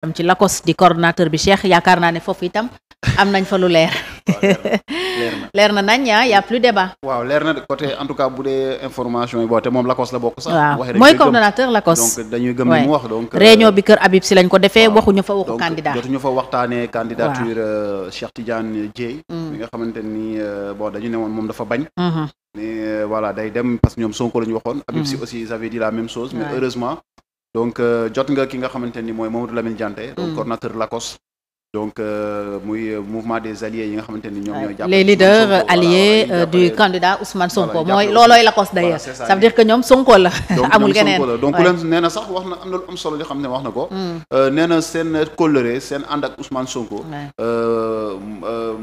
am ci LACOS di coordonnateur bi Cheikh yaakaar naa ne foofu itam am nañ fa lu leer. leer na nañ ah y' a plus débat. waaw leer na côté en tout cas bu dee information yi boo te moom LACOS la bokk sax. waaw mooy coordonnateur LACOS. donc dañuy gëm li mu wax donc. réunion bi euh, kër Habib si lañ ko defee waxuñu fa waxu candidat. donc jotuñu fa waxtaanee candidature euh, Cheikh Tidiane Dieye. Mm. mi nga xamante ni euh, bon dañu ne woon moom dafa bañ. Mm-hmm. mais voilà day dem parce que ñoom Sonko la waxoon. Mm-hmm. Habib si aussi donc euh, jot nga ki nga xamante ni mooy moom Mamadou Lamine Diante. donc mm. coordonnateur LACOS. donc euh, muy euh, mouvement des alliés yi nga xamante ni ñoom ñooy. jàppale les leaders alliés du candidat Ousmane Sonko mooy loolooy LACOS d'ailleurs. ça veut dire que ñoom Sonko la. amul keneen donc ñoom Sonko la nee na sax wax na am na lu am solo li xam ne wax na ko. Mm. nee na seen kóllëre seen ànd ak Ousmane Sonko.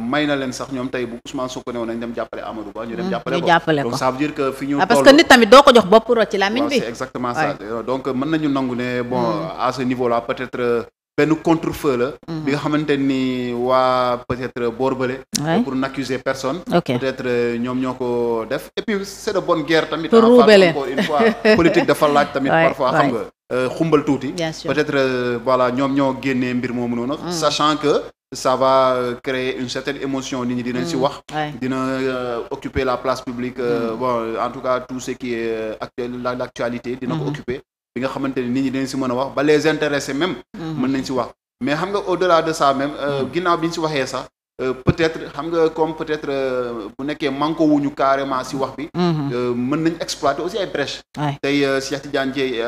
may na leen sax ñoom tey bu Ousmane Sonko ne woon nañ dem jàppale Amadou Ba. ñu dem hmm, jàppale ko donc ça dire que fi ñu. Ah, parce que nit tamit doo ko jox bopp rot ci làmmiñ bi. Euh, donc mën nañu nangu ne hmm. à ce niveau là peut-être. Euh, benn contre la. Hmm. bi nga xamante ni waa peut-être boorbale. pour n'accuser personne. peut-être euh, ñoom ñoo ko def. et puis c'est de bonne guerre tamit. pour ruubale encore une fois politique dafa laaj tamit. parfois xam nga xumbal tuuti. peut-être voilà ñoom ñoo génnee mbir moomu noonu. sachant que. ça va euh, créer une certaine émotion nit ñi dinañ ci mm. wax dina euh, occuper la place publique euh, mm. euh, en tout cas tout ce qui est la l'actualité dina ko mm. occuper bi nga xamante ni nit ñi dinañ si mën a wax ba les intéressés même mm-hmm. mën nañ ci wax mais xam nga au delà de ça même ginnaaw bi ñu si waxee sax Euh, peut-être xam nga comme peut-être euh, bu nekkee manko wuñu carrément si wax bi. Mhm. Euh, mën nañ exploiter aussi ay brèches. tey Cheikh Tidiane Dièye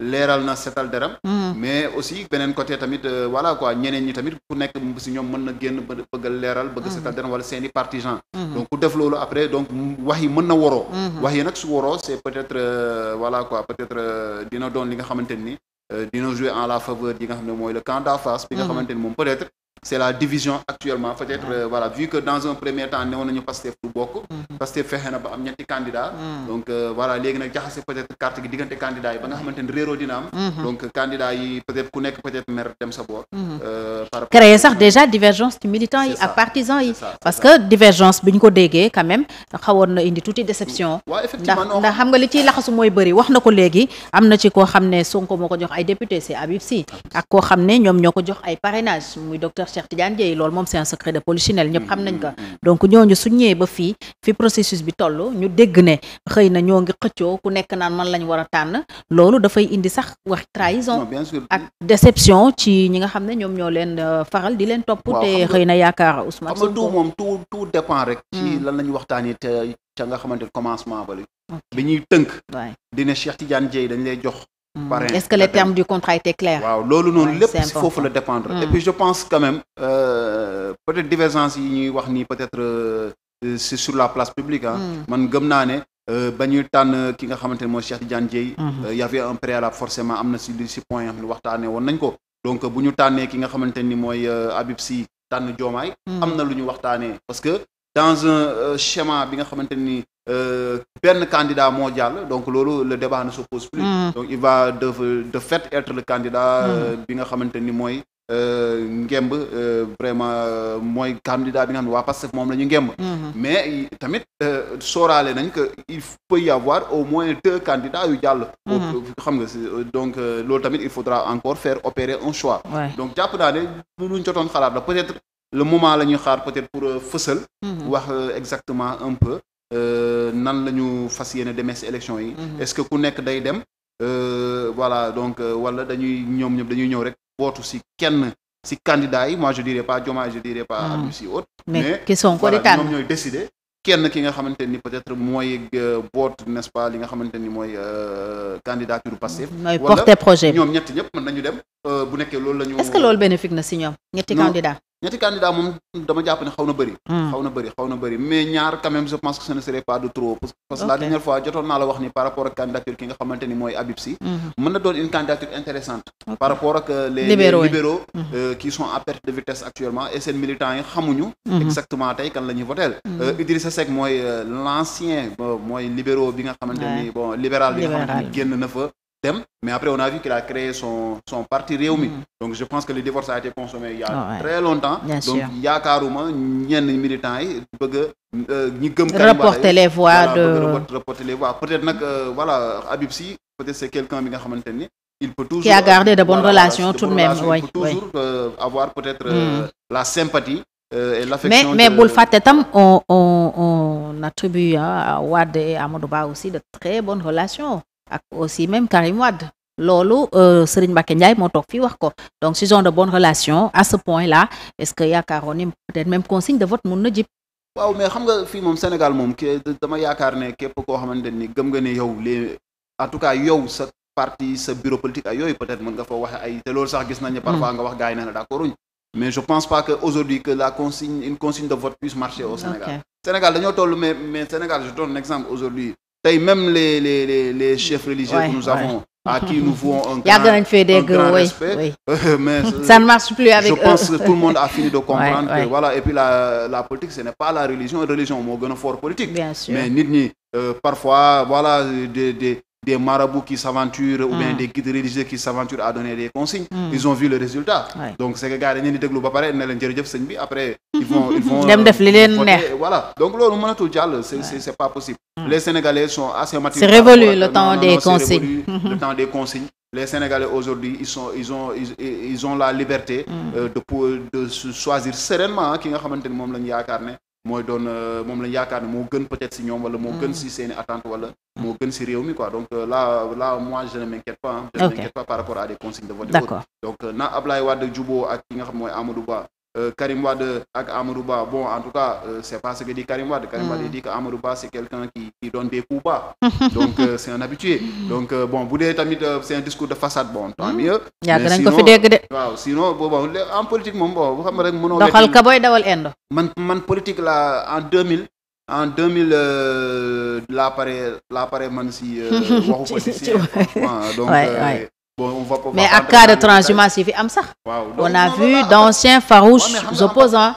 leeral na setal deram mhm. mais aussi beneen côté tamit voilà quoi ñeneen ñi tamit ku nekk si ñoom mën na génn bëgg a leeral. bëgg mhm. setal deram wala seeni partisan. donc ku def loolu après donc wax yi mën na waroo. wax yi nag su waroo c'est peut-être voilà quoi peut-être dina doon li nga xamante ni dina jouer en la faveur yi nga xam mooy le camp xamante ni moom peut-être. c'est la division actuellement peut-être ah. que dans un premier temps newoon nañu Pastef du bokk mm-hmm. Pastef fexe na ba am ñetti candidat mm. donc euh, léegi nag jaxase peut-être carte gi diggante candidat yi ba nga xamante ni dina am mm-hmm. donc candidat yi ku nekk peut-être mer dem sa boor mm-hmm. euh, créer sax déjà divergence ci militants yi ak partisans yi parce que divergence bi ko déggee quand même na indi tuuti déception mm. ndax xam nga li ciy laxasu mooy bëri wax na ko docteur Cheikh Tidiane Dièye loolu moom c'est un secret de polichinelle ñëpp xam nañ ko mm, mm, mm. donc ñooñu suñ ba fii fi processus bi toll ñu dégg ne xëy na ñoo ngi xëccoo ku nekk naan man lañ war a tànn loolu dafay indi sax wax trahison ak déception ci ñi nga xam ne ñoom ñoo leen euh, faral di leen topp te xëy na yaakaar a xam nga tout moom tout tout dépend rek ci lan lañu waxtaanee te ca nga xamante commencement ba bi ñuy tënk dina Cheikh Tidiane Dièye dañ lay jox parrain mm. est ce que les termes du contrat étaient waaw loolu noonu lépp si foofu la dépendre. Mm. et puis je pense quand même euh, peut être divergence yi ñuy wax nii peut être euh, c'est sur la place publique ah. man gëm naa ne. Euh, ba ñuy tànn ki nga xamante ne mooy Cheikh Tidiane Dieye. Mm-hmm. y avait un préalable forcément am na si li si point yoo xam ne nañ ko. donc bu ñu tànnee ki nga xamante ni mooy Habib Sy tànn Diomaye. am na lu ñu waxtaanee parce que dans un euh, schéma bi nga xamante ni euh, benn candidat moo jàll donc loolu le débat ne se pose mm. il va de de fait être le candidat mm. euh, bi nga xamante ni mooy ngemb vraiment mooy candidat bi nga xam ne waa Pastef moom la ñu ngemb mm-hmm. mais tamit sóoraale nañ que il peut y avoir au moins deux candidats yu jàll mm-hmm. xam nga donc loolu tamit il faudra encore faire opérer un choix donc jàpp naa ne lu ñu jotoon xalaat la peut-être le moment la ñuy xaar peut-être pour euh, fësal. Mhm. wax euh, exactement un peu euh, nan lañu fas yéene demee si élection yi. Mhm. est-ce que ku nekk day dem voilà donc wala dañuy ñoom ñoom dañuy ñëw rek wootu si kenn si candidat yi moi je dirais pas Diomaye je dirais pas. Mhm. Abdou si autre mais ñoom ñooy décider. kenn ki nga xamante peut-être mooy euh, boot nest pas li nga xamante mooy euh, candidature Pastef. mooy porter projet ñoom ñetti ñëpp mën nañu dem. Euh, bu nekkee loolu la ñu. est bénéfique na si ñoom. ñetti candidats ñetti candidats moom dama jàpp ne xaw na bëri. Hmm. xaw na bëri xaw na bëri mais ñaar quand même je pense que ce ne serait pas de trop. parce que la dernière fois jotoon naa la wax ni par rapport ak candidature ki nga xamante mooy Habib Sy. Hmm. mën na doon une candidature par rapport ak euh, les libéraux libéraux mhm. euh, qui sont à perte de vitesse actuellement et seen militants yi xamuñu mhm. exactement tey kan la ñuy votel mhm. euh, Idrissa Seck mooy l'ancien mooy libéraux bi nga xamante ni bon libéral bi nga xamante ni génn na dem mais après on a vu qu'il a créé son son parti Rewmi donc je pense que le divorce a été consommé il ah très longtemps yaakaaruma ñenn militants yi bëgg ñi gëm reporter les voix de reporter les peut-être nag voilà Habib peut-être c'est bi nga xamante ni il peut toujours a gardé de bonnes relations tout de même euh, euh, hmm. euh, mais mais bul fàtte tam on on on attribue à Wade aussi de très bonnes relations ak aussi même Karim Wade loolu Serigne Mbacké Ndiaye moo toog fii wax ko donc si ont de bonnes relations à ce point là est-ce que yaakaaroon ni peut-être même consigne de vote mun na jib waaw mais xam nga fii moom Sénégal moom dama yaakaar ne képp koo xamante ni gëm nga ne yow les en tout cas yow parti sa bureau politique ak yooyu peut-être mën nga fa waxe ay te loolu sax gis nañ parfois hmm. nga wax gars yi ne la mais je pense pas que aujourd'hui que la consigne une consigne de vote puisse marcher au Sénégal Sénégal dañoo toll mais Sénégal je donne exemple aujourd'hui tey même les chefs religieux que nous avons à qui nous vouons un grand, un grand mais ça ne marche plus avec je la politique ce n'est pas la religion religion fort politique des marabouts qui s'aventurent ou bien mm. des guides religieux qui s'aventurent à donner des consignes mm. ils ont vu le résultat donc c'est que gars yi dañu leen di déglu ba pare ne leen jërëjëf après ils vont dem def li leen euh, neex voilà donc loolu mënatul jàll c'est c'est pas possible mm. les sénégalais sont assez matures c'est le temps des consignes les sénégalais aujourd'hui ils ont la liberté euh, de de choisir sereinement ki nga xamante ni moom lañu yaakaar ne mooy doon euh, moom lañ yaakaar ne moo gën peut-être si ñoom wala moo gën si mm. seen i attente wala moo gën si réew mi quoi donc euh, là là moi je ne m'inquiète pas hein, je ne m'inquiète pas par rapport à des consignes de vote d'accord donc euh, na Ablaye Wade juboo ak ki nga xam mooy Amadou Ba Euh, Karim Wade ak Amadou Ba bon en tout cas euh, c'est pas ce que dit Karim Wade Karim Wade hmm. dit que Amadou Ba c'est quelqu'un qui qui donne des donc euh, c'est un habitué donc bon bu dee tamit c'est un discours de façade bon tant hmm. mieux yàgg nañ ko fi dégg de waaw sinon bon en politique moom bon xam rek mënoo doxal ka booy dawal indo man man politique la en 2000 en 2000 laa pare laa pare man si bon on va pas. mais ak cas de transhumance yi fi am sax. on a vu d'anciens farouches opposants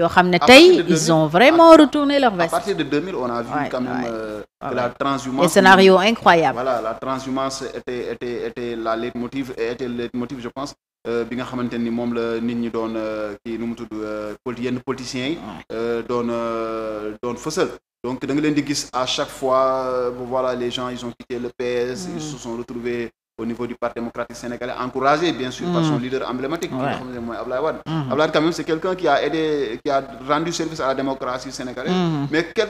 yoo xam ne tey ils ont vraiment retourné leur veste. à partir de 2000 on a vu quand même euh, la transhumance. des scénarios incroyables. voilà la transhumance était était était la et était le leitmotiv je pense. Euh, bi nga xamante ni moom la nit ñi doon euh, kii nu mu tudd yenn politiciens yi. doon doon fësal. donc da nga leen di gis à chaque fois voilà les gens ils ont quitté le PS. ils mm. se sont retrouvés au niveau du Parti démocratique sénégalais, encouragé bien sûr mmh. par son mm. leader emblématique, ouais. Ablaye Wade. Mmh. Ablaye quand même c'est quelqu'un qui a aidé, rendu service à la démocratie sénégalaise, mm-hmm. mais quel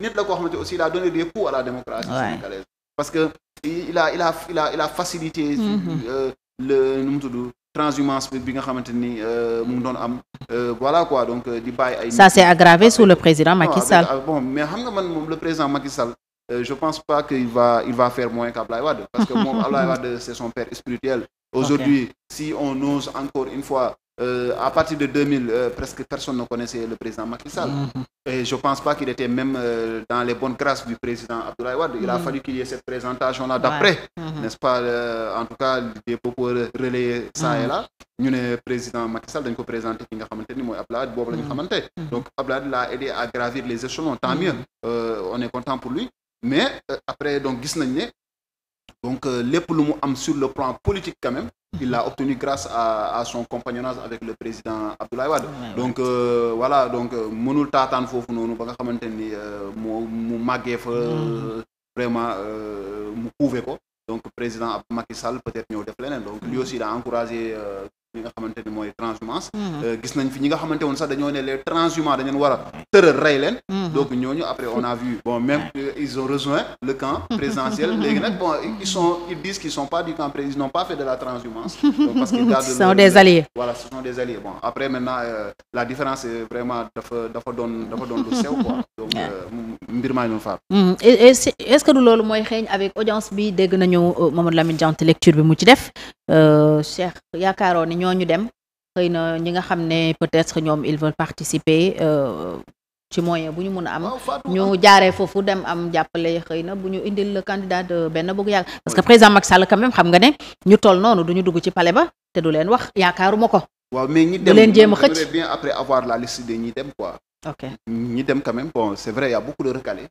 nit la koo xamante il a donné des coups à la démocratie sénégalaise parce que il a facilité mm-hmm. euh, le nu mu tudd transhumance bi nga xamante ni euh, mu ngi doon am euh, voilà quoi donc di a ay. ça s'est aggravé sous le président Macky ah, mais xam nga man moom le président Macky Sall. euh, je pense pas qu'il va, il faire moins qu'Ablaï Parce que mon Ablaï Wade, c'est son père spirituel. Aujourd'hui, si on ose encore une fois, euh, à partir de 2000, euh, presque personne ne connaissait le président Macky Sall. Mm -hmm. Et je pense pas qu'il était même euh, dans les bonnes grâces du président Abdoulaye Wade. Il a mhm. fallu qu'il y ait cette présentation-là d'après, mhm. n'est-ce pas euh, En tout cas, il est beaucoup relayé ça mhm. ñu ne président Macky Sall dañ ko présenté ki nga xamante ni mooy Abdoulaye Wade boobu la ñu xamante donc Abdoulaye Wade l'a aidé à gravir les échelons tant mieux euh, mais euh, après donc gis nañ ne donc euh, lépp lu mu am sur le plan politique quand même il l'a obtenu grâce à à son compagnonnage avec le président Abdoulaye Wade donc euh, voilà donc euh, mënul taataan foofu noonu ba nga xamante ni moo mu màggee fa mm. vraiment mu couve ko donc président Macky Sall peut-être ñëw def leneen donc lui aussi daa encouragé li nga xamante ni mooy transhumance mm-hmm. euh, gis nañ fi ñi nga xamante woon sax dañoo ne les transhumants dañu war a tëral rey leen mm-hmm. donc ñooñu après on a vu bon ils ont rejoint le camp présidentiel léegi nag ils disent qu'ils sont pas du camp président ils n'ont pas fait de la transhumance sont des alliés voilà ce sont des alliés après maintenant euh, la différence est vraiment dafa dafa loolu mooy xeeñ avec audience bi dégg nañu euh, Mamadou Lamine Diante lecture Euh, Cheikh yaakaaroon ñoo ñu dem xëy na ñi nga xam ne peut-être ñoom ils veulent participer euh, ci moyen bu ñu mun a am ñu jaaree foofu dem am jàppale xëy na bu ñu indil le candidat de benn bugg yàgg parce que président Macky Sall quand même xam nga ne ñu toll noonu du ñu dugg ci pale ba te du leen wax yaakaaruma ko. waaw mais ñi dem du leen jéem a xëcc bien après avoir la ñi dem quoi. ok ñi dem quand même bon c'est vrai y a beaucoup de recalés.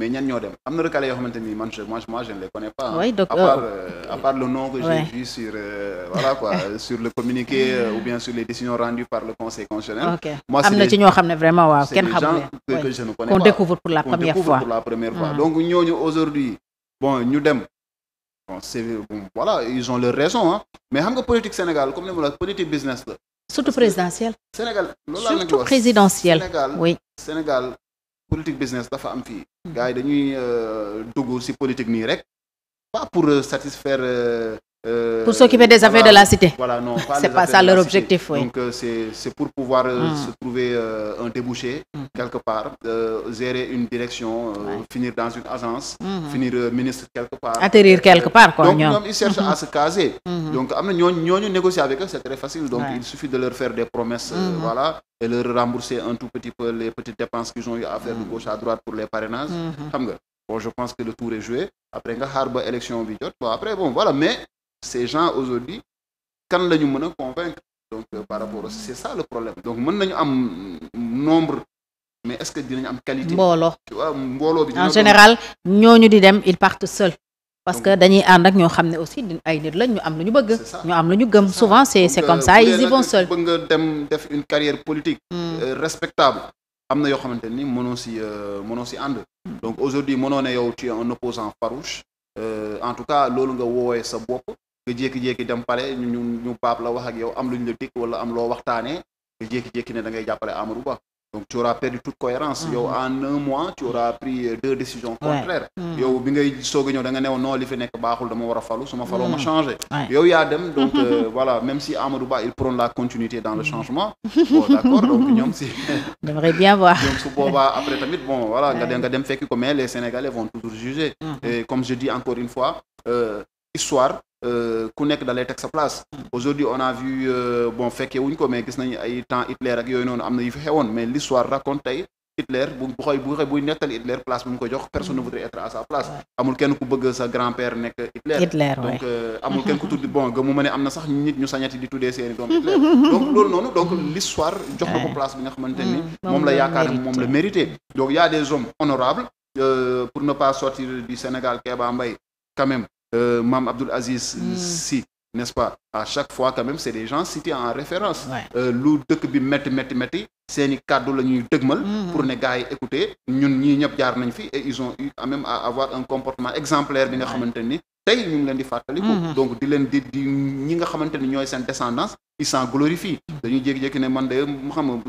mais ñan ñoo dem am na recalé yoo xamante ni man je moi je ne les connais pas. oui oh. euh, le nom que j'ai vu sur euh, voilà quoi sur le communiqué euh, ou bien sur les décisions rendues par le conseil constitutionnel. ok am na ci ñoo xam ne vraiment waaw kenn xamul leen que je ne connais pas qu'on découvre pour la première fois donc ñooñu aujourd'hui bon ñu dem. c'est voilà ils ont leur raison mais xam nga politique Sénégal comme ni ma la politique business la. surtout présidentielle. Sénégal loolu politique business dafa am fii gars yi dañuy euh, dugg ci politique nii rek pas pour euh, satisfaire euh, Euh, pour s'occuper des voilà, affaires de la cité. Voilà, non, pas c'est euh, pour pouvoir euh, hmm. se trouver euh, un débouché hmm. quelque part, gérer une direction, ouais. finir dans une agence, hmm. finir ministre quelque part. Atterrir quelque part quoi. Donc ñoom à se caser. Donc am na ñooñu ñooñu négocier avec eux, c'est très facile. Donc ouais. il suffit de leur faire des promesses et leur rembourser un tout petit peu les petites dépenses qu'ils ont eu à faire de gauche à droite pour les parrainages. Xam nga. je pense que le tour est joué. Après nga xaar ba élection mais ces gens aujourd'hui kan la ñu mën a convaincre donc euh, par rapport c' est ça le problème mën nañu am nombre mais est ce que dinañu am qualité. mbooloo waaw mbooloo bi. en général ñooñu di dem ils partent seuls. parce que dañuy ànd ak ñoo xam ne aussi ay nit lañ ñu am lu ñu bëgg. ñu am lu ñu gëm souvent c' est c' est euh, comme ça ils y vont seuls. bëgg nga dem def une carrière politique. Hmm. Euh, respectable am na yoo xamante ni mënoo si si ànd. Hmm. donc aujourd'hui mënoo ne yow tu es un opposant farouche. en tout cas loolu nga woowee sa nga jékki-jékki dem pale ñu ñu baab la wax ak yow am luñ la dikk wala am loo waxtaanee nga jékki-jékki ne da ngay jàppale Amadou Ba donc tu auras perdu toute cohérence yow mm-hmm. en un mois tu pris euh, deux décisions contraires mm-hmm. yow bi ngay soog a ñëw da nga newoon non li fi nekk baaxul dama war a falu su ma faloo ma mm-hmm. changé yow yaa dem donc euh, voilà même si Amadou Ba il prône la continuité dans le changement bon d'accord donc ñoom si j'aimerais bien voir après tamit bon voilà nga dem nga dem fekki ko mais les Sénégalais vont toujours juger et comme je fois euh, histoire Euh, ku nekk dalay teg sa place aujourd'hui on a vu euh, bon fekkee wuñ ko mais gis nañu ay temps Hitler ak yooyu noonu am na yu fi xewoon mais l'histoire raconte tey Hitler bu bu buy nettali Hitler place bu ko jox personne ne voudrait être à sa place amul kenn ku bëgg sa grand-père nekk Hitler donc euh, amul kenn ku tuddi bon ga mu ma ne am na sax nit ñu sañati di tuddee seeni doom Hitler donc loolu noonu donc l'histoire jox na ko place bi nga xamante ni mm, moom la yaakaar moom la mérité donc y a des hommes honorables pour ne pas sortir du Sénégal euh, Mam Abdul Aziz mm. si n'est-ce pas à chaque fois quand même c'est des gens cités en référence euh, lu dëkk bi métti métti métti seeni kàddu la ñuy dëgmal hmm. pour ne gars yi écouter ñun ñii ñëpp jaar nañ fi et ils ont eu quand même à avoir un comportement exemplaire bi nga xamante ni tey ñu ngi leen di fàttaliku. Mm-hmm. donc di leen di di ñi nga xamante ni ñooy seen descendance ils s'en glorifient dañuy jékki-jékki ne man de xam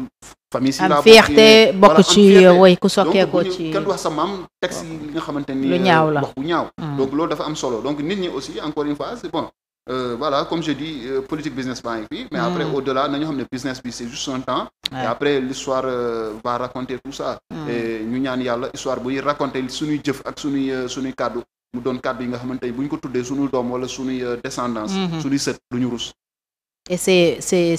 famille si laa fierté bokk ci euh, woy ku sokkeekoo ci kenn wax sa maam texte yi nga xamante ni lu ñaaw la bu ñaaw mm. donc loolu dafa am solo donc nit ñi aussi encore une fois c'est bon Euh, voilà comme je dis euh, politique business baa ngi fi mais mm. après au-delà nañu xam ne business bi c'est juste un temps après l'histoire euh, raconter tout ça mm. ñu ñaan mu doon kàddu yi nga xamante ni bu ñu ko tuddee suñu doom wala suñuy euh, descendance mm-hmm. suñuy sët du ñu rus et c'est